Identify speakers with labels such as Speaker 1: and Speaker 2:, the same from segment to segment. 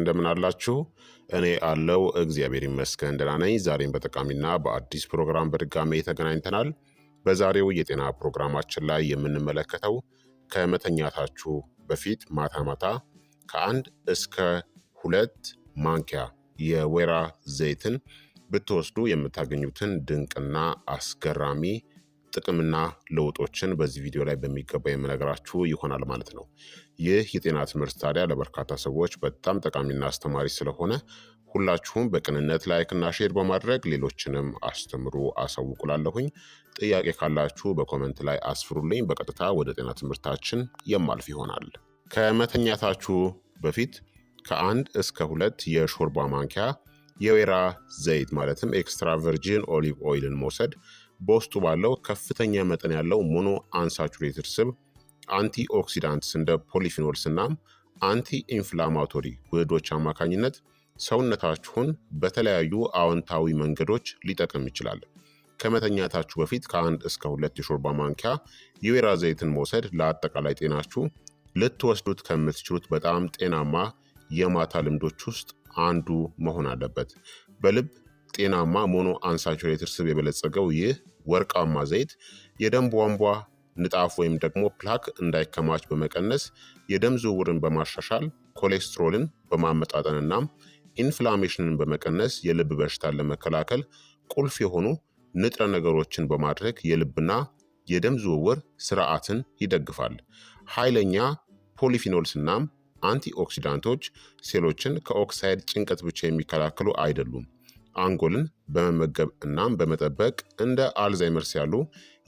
Speaker 1: እንደምን አላችሁ? እኔ አለው እግዚአብሔር ይመስገን ደህና ነኝ። ዛሬም በጠቃሚና በአዲስ ፕሮግራም በድጋሜ ተገናኝተናል። በዛሬው የጤና ፕሮግራማችን ላይ የምንመለከተው ከመተኛታችሁ በፊት ማታ ማታ ከአንድ እስከ ሁለት ማንኪያ የወይራ ዘይትን ብትወስዱ የምታገኙትን ድንቅና አስገራሚ ጥቅምና ለውጦችን በዚህ ቪዲዮ ላይ በሚገባ የምነግራችሁ ይሆናል ማለት ነው። ይህ የጤና ትምህርት ታዲያ ለበርካታ ሰዎች በጣም ጠቃሚና አስተማሪ ስለሆነ ሁላችሁም በቅንነት ላይክና ሼር በማድረግ ሌሎችንም አስተምሩ አሳውቁላለሁኝ። ጥያቄ ካላችሁ በኮመንት ላይ አስፍሩልኝ። በቀጥታ ወደ ጤና ትምህርታችን የማልፍ ይሆናል። ከመተኛታችሁ በፊት ከአንድ እስከ ሁለት የሾርባ ማንኪያ የወይራ ዘይት ማለትም ኤክስትራ ቨርጂን ኦሊቭ ኦይልን መውሰድ በውስጡ ባለው ከፍተኛ መጠን ያለው ሞኖ አንሳቹሬትድ ስብ አንቲ ኦክሲዳንትስ እንደ ፖሊፊኖልስ እናም አንቲ ኢንፍላማቶሪ ውህዶች አማካኝነት ሰውነታችሁን በተለያዩ አዎንታዊ መንገዶች ሊጠቅም ይችላል። ከመተኛታችሁ በፊት ከአንድ እስከ ሁለት የሾርባ ማንኪያ የወይራ ዘይትን መውሰድ ለአጠቃላይ ጤናችሁ ልትወስዱት ከምትችሉት በጣም ጤናማ የማታ ልምዶች ውስጥ አንዱ መሆን አለበት። በልብ ጤናማ ሞኖ አንሳቹሬትድ ስብ የበለጸገው ይህ ወርቃማ ዘይት የደም ቧንቧ ንጣፍ ወይም ደግሞ ፕላክ እንዳይከማች በመቀነስ የደም ዝውውርን በማሻሻል ኮሌስትሮልን በማመጣጠን እናም ኢንፍላሜሽንን በመቀነስ የልብ በሽታን ለመከላከል ቁልፍ የሆኑ ንጥረ ነገሮችን በማድረግ የልብና የደም ዝውውር ስርዓትን ይደግፋል። ኃይለኛ ፖሊፊኖልስ እናም አንቲ ሴሎችን ከኦክሳይድ ጭንቀት ብቻ የሚከላከሉ አይደሉም። አንጎልን በመመገብ እናም በመጠበቅ እንደ አልዛይመርስ ያሉ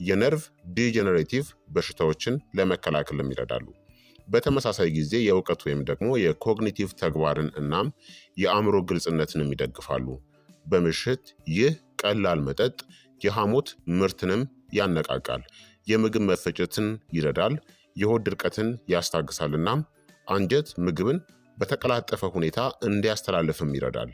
Speaker 1: የነርቭ ዲጀነሬቲቭ በሽታዎችን ለመከላከልም ይረዳሉ። በተመሳሳይ ጊዜ የእውቀት ወይም ደግሞ የኮግኒቲቭ ተግባርን እናም የአእምሮ ግልጽነትንም ይደግፋሉ። በምሽት ይህ ቀላል መጠጥ የሐሞት ምርትንም ያነቃቃል፣ የምግብ መፈጨትን ይረዳል፣ የሆድ ድርቀትን ያስታግሳል እናም አንጀት ምግብን በተቀላጠፈ ሁኔታ እንዲያስተላልፍም ይረዳል።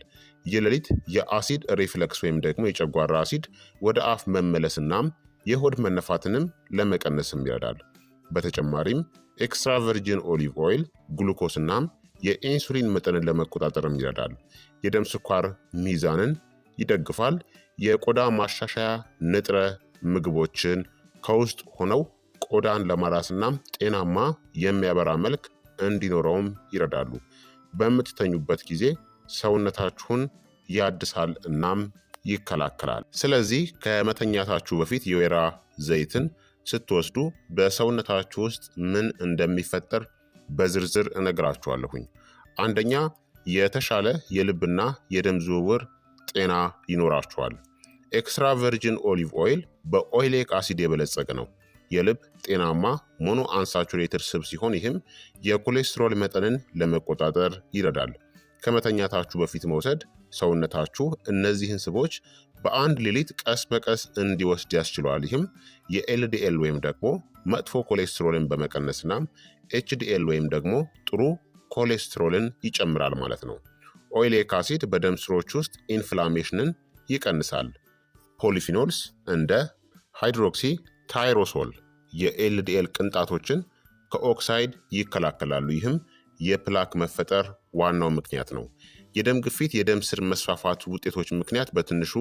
Speaker 1: የሌሊት የአሲድ ሪፍለክስ ወይም ደግሞ የጨጓራ አሲድ ወደ አፍ መመለስናም የሆድ መነፋትንም ለመቀነስም ይረዳል። በተጨማሪም ኤክስትራ ቨርጂን ኦሊቭ ኦይል ግሉኮስናም የኢንሱሊን መጠንን ለመቆጣጠርም ይረዳል። የደም ስኳር ሚዛንን ይደግፋል። የቆዳ ማሻሻያ ንጥረ ምግቦችን ከውስጥ ሆነው ቆዳን ለማራስና ጤናማ የሚያበራ መልክ እንዲኖረውም ይረዳሉ። በምትተኙበት ጊዜ ሰውነታችሁን ያድሳል እናም ይከላከላል። ስለዚህ ከመተኛታችሁ በፊት የወይራ ዘይትን ስትወስዱ በሰውነታችሁ ውስጥ ምን እንደሚፈጠር በዝርዝር እነግራችኋለሁኝ። አንደኛ የተሻለ የልብና የደም ዝውውር ጤና ይኖራችኋል። ኤክስትራ ቨርጂን ኦሊቭ ኦይል በኦይሌክ አሲድ የበለጸገ ነው። የልብ ጤናማ ሞኖ አንሳቹሬትድ ስብ ሲሆን ይህም የኮሌስትሮል መጠንን ለመቆጣጠር ይረዳል። ከመተኛታችሁ በፊት መውሰድ ሰውነታችሁ እነዚህን ስቦች በአንድ ሌሊት ቀስ በቀስ እንዲወስድ ያስችለዋል። ይህም የኤልዲኤል ወይም ደግሞ መጥፎ ኮሌስትሮልን በመቀነስና ኤችዲኤል ወይም ደግሞ ጥሩ ኮሌስትሮልን ይጨምራል ማለት ነው። ኦይሌክ አሲድ በደም ስሮች ውስጥ ኢንፍላሜሽንን ይቀንሳል። ፖሊፊኖልስ እንደ ሃይድሮክሲ ታይሮሶል የኤልዲኤል ቅንጣቶችን ከኦክሳይድ ይከላከላሉ። ይህም የፕላክ መፈጠር ዋናው ምክንያት ነው። የደም ግፊት የደም ስር መስፋፋት ውጤቶች ምክንያት በትንሹ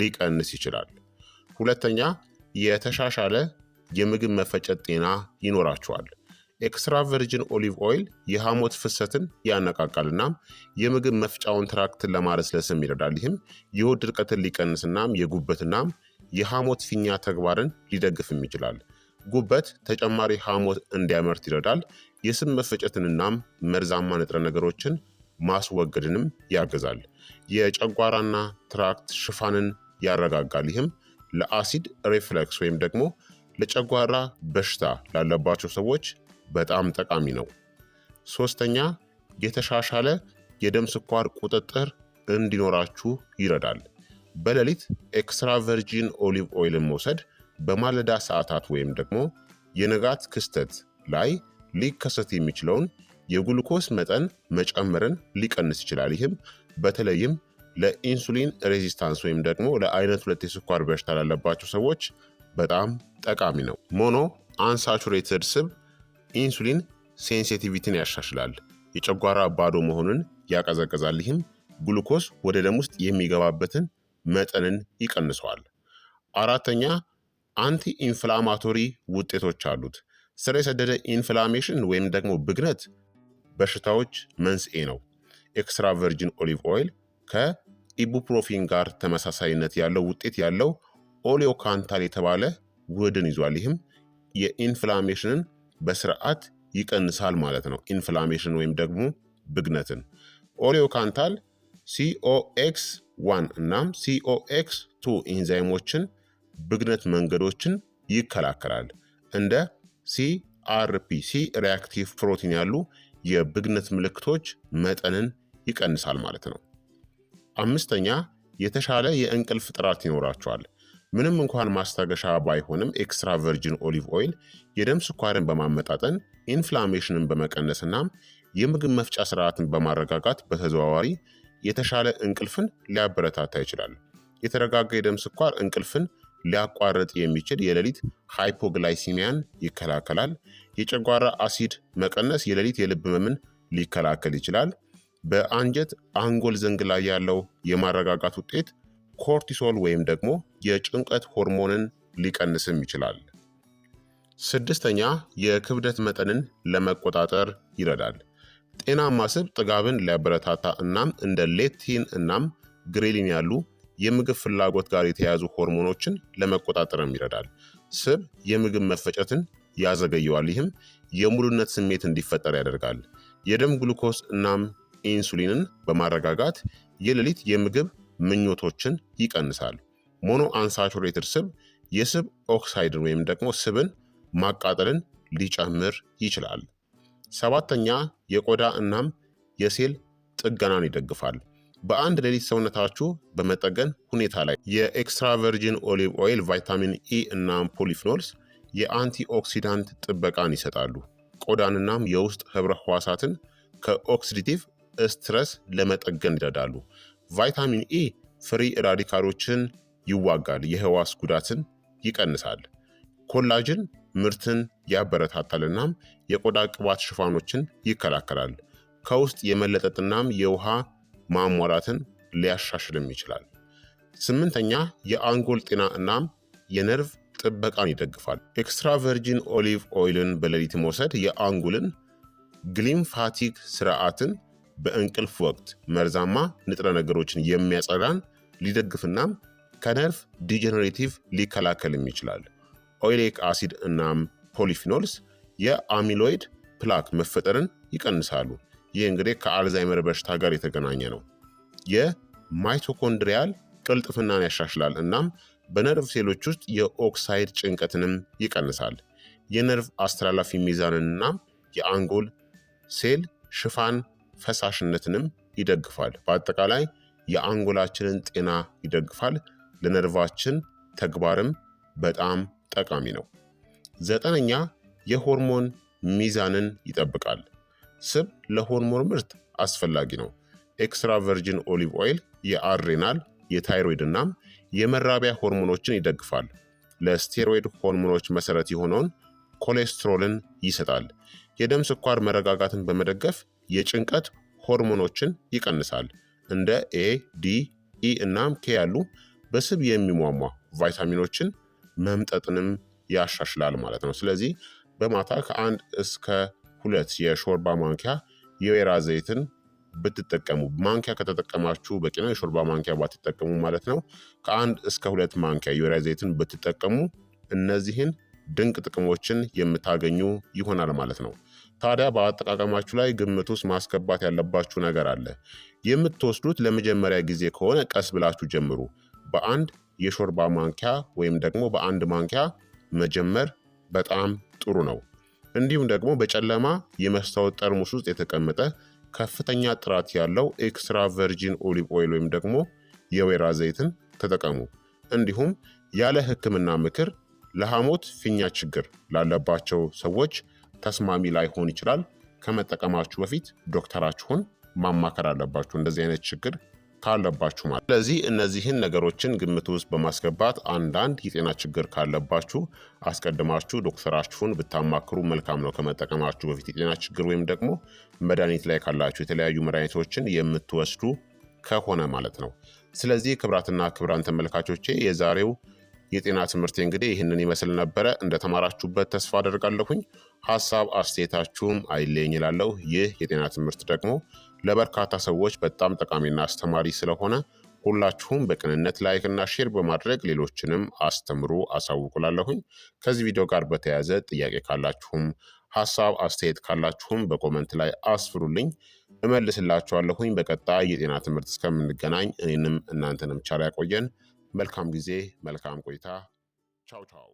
Speaker 1: ሊቀንስ ይችላል። ሁለተኛ የተሻሻለ የምግብ መፈጨት ጤና ይኖራቸዋል። ኤክስትራ ቨርጅን ኦሊቭ ኦይል የሐሞት ፍሰትን ያነቃቃል እናም የምግብ መፍጫውን ትራክትን ለማለስለስም ይረዳል። ይህም የሆድ ድርቀትን ሊቀንስ እናም የጉበት የሐሞት ፊኛ ተግባርን ሊደግፍም ይችላል። ጉበት ተጨማሪ ሐሞት እንዲያመርት ይረዳል። የስብ መፈጨትንናም መርዛማ ንጥረ ነገሮችን ማስወገድንም ያግዛል። የጨጓራና ትራክት ሽፋንን ያረጋጋል። ይህም ለአሲድ ሪፍለክስ ወይም ደግሞ ለጨጓራ በሽታ ላለባቸው ሰዎች በጣም ጠቃሚ ነው። ሶስተኛ የተሻሻለ የደም ስኳር ቁጥጥር እንዲኖራችሁ ይረዳል። በሌሊት ኤክስትራቨርጂን ኦሊቭ ኦይልን መውሰድ በማለዳ ሰዓታት ወይም ደግሞ የንጋት ክስተት ላይ ሊከሰት የሚችለውን የግሉኮስ መጠን መጨመርን ሊቀንስ ይችላል። ይህም በተለይም ለኢንሱሊን ሬዚስታንስ ወይም ደግሞ ለአይነት ሁለት የስኳር በሽታ ላለባቸው ሰዎች በጣም ጠቃሚ ነው። ሞኖ አንሳቹሬትድ ስብ ኢንሱሊን ሴንሲቲቪቲን ያሻሽላል፣ የጨጓራ ባዶ መሆኑን ያቀዘቅዛል። ይህም ግሉኮስ ወደ ደም ውስጥ የሚገባበትን መጠንን ይቀንሰዋል። አራተኛ አንቲ ኢንፍላማቶሪ ውጤቶች አሉት። ስር የሰደደ ኢንፍላሜሽን ወይም ደግሞ ብግነት በሽታዎች መንስኤ ነው። ኤክስትራ ቨርጂን ኦሊቭ ኦይል ከኢቡፕሮፊን ጋር ተመሳሳይነት ያለው ውጤት ያለው ኦሊዮካንታል የተባለ ውህድን ይዟል። ይህም የኢንፍላሜሽንን በስርዓት ይቀንሳል ማለት ነው። ኢንፍላሜሽን ወይም ደግሞ ብግነትን ኦሊዮካንታል ሲኦኤክስ ዋን እናም ሲኦኤክስ ቱ ኢንዛይሞችን ብግነት መንገዶችን ይከላከላል። እንደ ሲአርፒሲ ሪያክቲቭ ፕሮቲን ያሉ የብግነት ምልክቶች መጠንን ይቀንሳል ማለት ነው። አምስተኛ የተሻለ የእንቅልፍ ጥራት ይኖራቸዋል። ምንም እንኳን ማስታገሻ ባይሆንም ኤክስትራ ቨርጂን ኦሊቭ ኦይል የደም ስኳርን በማመጣጠን ኢንፍላሜሽንን በመቀነስ የምግብ መፍጫ ስርዓትን በማረጋጋት በተዘዋዋሪ የተሻለ እንቅልፍን ሊያበረታታ ይችላል። የተረጋጋ የደም ስኳር እንቅልፍን ሊያቋርጥ የሚችል የሌሊት ሃይፖግላይሲሚያን ይከላከላል። የጨጓራ አሲድ መቀነስ የሌሊት የልብ ህመምን ሊከላከል ይችላል። በአንጀት አንጎል ዘንግ ላይ ያለው የማረጋጋት ውጤት ኮርቲሶል ወይም ደግሞ የጭንቀት ሆርሞንን ሊቀንስም ይችላል። ስድስተኛ የክብደት መጠንን ለመቆጣጠር ይረዳል። ጤናማ ስብ ጥጋብን ሊያበረታታ እናም እንደ ሌቲን እናም ግሬሊን ያሉ የምግብ ፍላጎት ጋር የተያያዙ ሆርሞኖችን ለመቆጣጠርም ይረዳል። ስብ የምግብ መፈጨትን ያዘገየዋል። ይህም የሙሉነት ስሜት እንዲፈጠር ያደርጋል። የደም ግሉኮስ እናም ኢንሱሊንን በማረጋጋት የሌሊት የምግብ ምኞቶችን ይቀንሳል። ሞኖ አንሳቹሬትድ ስብ የስብ ኦክሳይድን ወይም ደግሞ ስብን ማቃጠልን ሊጨምር ይችላል። ሰባተኛ የቆዳ እናም የሴል ጥገናን ይደግፋል። በአንድ ሌሊት ሰውነታችሁ በመጠገን ሁኔታ ላይ የኤክስትራቨርጂን ኦሊቭ ኦይል ቫይታሚን ኢ እና ፖሊፍኖልስ የአንቲኦክሲዳንት ጥበቃን ይሰጣሉ። ቆዳንናም የውስጥ ህብረ ህዋሳትን ከኦክሲዲቲቭ ስትረስ ለመጠገን ይረዳሉ። ቫይታሚን ኢ ፍሪ ራዲካሎችን ይዋጋል፣ የህዋስ ጉዳትን ይቀንሳል። ኮላጅን ምርትን ያበረታታል፣ እናም የቆዳ ቅባት ሽፋኖችን ይከላከላል። ከውስጥ የመለጠጥናም የውሃ ማሟላትን ሊያሻሽልም ይችላል። ስምንተኛ የአንጎል ጤና እናም የነርቭ ጥበቃን ይደግፋል። ኤክስትራቨርጂን ኦሊቭ ኦይልን በሌሊት መውሰድ የአንጎልን ግሊምፋቲክ ስርዓትን በእንቅልፍ ወቅት መርዛማ ንጥረ ነገሮችን የሚያጸዳን ሊደግፍናም ከነርቭ ዲጀነሬቲቭ ሊከላከልም ይችላል። ኦይሌክ አሲድ እናም ፖሊፊኖልስ የአሚሎይድ ፕላክ መፈጠርን ይቀንሳሉ። ይህ እንግዲህ ከአልዛይመር በሽታ ጋር የተገናኘ ነው። የማይቶኮንድሪያል ቅልጥፍናን ያሻሽላል እናም በነርቭ ሴሎች ውስጥ የኦክሳይድ ጭንቀትንም ይቀንሳል። የነርቭ አስተላላፊ ሚዛንንና የአንጎል ሴል ሽፋን ፈሳሽነትንም ይደግፋል። በአጠቃላይ የአንጎላችንን ጤና ይደግፋል። ለነርቫችን ተግባርም በጣም ጠቃሚ ነው። ዘጠነኛ የሆርሞን ሚዛንን ይጠብቃል። ስብ ለሆርሞን ምርት አስፈላጊ ነው። ኤክስትራ ቨርጂን ኦሊቭ ኦይል የአድሬናል የታይሮይድ እናም የመራቢያ ሆርሞኖችን ይደግፋል። ለስቴሮይድ ሆርሞኖች መሰረት የሆነውን ኮሌስትሮልን ይሰጣል። የደም ስኳር መረጋጋትን በመደገፍ የጭንቀት ሆርሞኖችን ይቀንሳል። እንደ ኤ፣ ዲ፣ ኢ እናም ኬ ያሉ በስብ የሚሟሟ ቫይታሚኖችን መምጠጥንም ያሻሽላል ማለት ነው። ስለዚህ በማታ ከአንድ እስከ ሁለት የሾርባ ማንኪያ የወይራ ዘይትን ብትጠቀሙ ማንኪያ ከተጠቀማችሁ በቂ ነው። የሾርባ ማንኪያ ባትጠቀሙ ማለት ነው። ከአንድ እስከ ሁለት ማንኪያ የወይራ ዘይትን ብትጠቀሙ እነዚህን ድንቅ ጥቅሞችን የምታገኙ ይሆናል ማለት ነው። ታዲያ በአጠቃቀማችሁ ላይ ግምት ውስጥ ማስገባት ያለባችሁ ነገር አለ። የምትወስዱት ለመጀመሪያ ጊዜ ከሆነ ቀስ ብላችሁ ጀምሩ። በአንድ የሾርባ ማንኪያ ወይም ደግሞ በአንድ ማንኪያ መጀመር በጣም ጥሩ ነው። እንዲሁም ደግሞ በጨለማ የመስታወት ጠርሙስ ውስጥ የተቀመጠ ከፍተኛ ጥራት ያለው ኤክስትራ ቨርጂን ኦሊቭ ኦይል ወይም ደግሞ የወይራ ዘይትን ተጠቀሙ። እንዲሁም ያለ ሕክምና ምክር ለሐሞት ፊኛ ችግር ላለባቸው ሰዎች ተስማሚ ላይሆን ይችላል። ከመጠቀማችሁ በፊት ዶክተራችሁን ማማከር አለባችሁ። እንደዚህ አይነት ችግር ካለባችሁ ማለት። ስለዚህ እነዚህን ነገሮችን ግምት ውስጥ በማስገባት አንዳንድ የጤና ችግር ካለባችሁ አስቀድማችሁ ዶክተራችሁን ብታማክሩ መልካም ነው። ከመጠቀማችሁ በፊት የጤና ችግር ወይም ደግሞ መድኃኒት ላይ ካላችሁ የተለያዩ መድኃኒቶችን የምትወስዱ ከሆነ ማለት ነው። ስለዚህ ክብራትና ክብራን ተመልካቾቼ የዛሬው የጤና ትምህርት እንግዲህ ይህንን ይመስል ነበረ። እንደተማራችሁበት ተስፋ አደርጋለሁኝ። ሀሳብ አስተያየታችሁም አይለኝ እላለሁ። ይህ የጤና ትምህርት ደግሞ ለበርካታ ሰዎች በጣም ጠቃሚና አስተማሪ ስለሆነ ሁላችሁም በቅንነት ላይክ እና ሼር በማድረግ ሌሎችንም አስተምሩ አሳውቁላለሁኝ። ከዚህ ቪዲዮ ጋር በተያያዘ ጥያቄ ካላችሁም ሀሳብ አስተያየት ካላችሁም በኮመንት ላይ አስፍሩልኝ፣ እመልስላችኋለሁኝ። በቀጣይ የጤና ትምህርት እስከምንገናኝ እኔንም እናንተንም ቻላ ያቆየን። መልካም ጊዜ፣ መልካም ቆይታ። ቻው ቻው።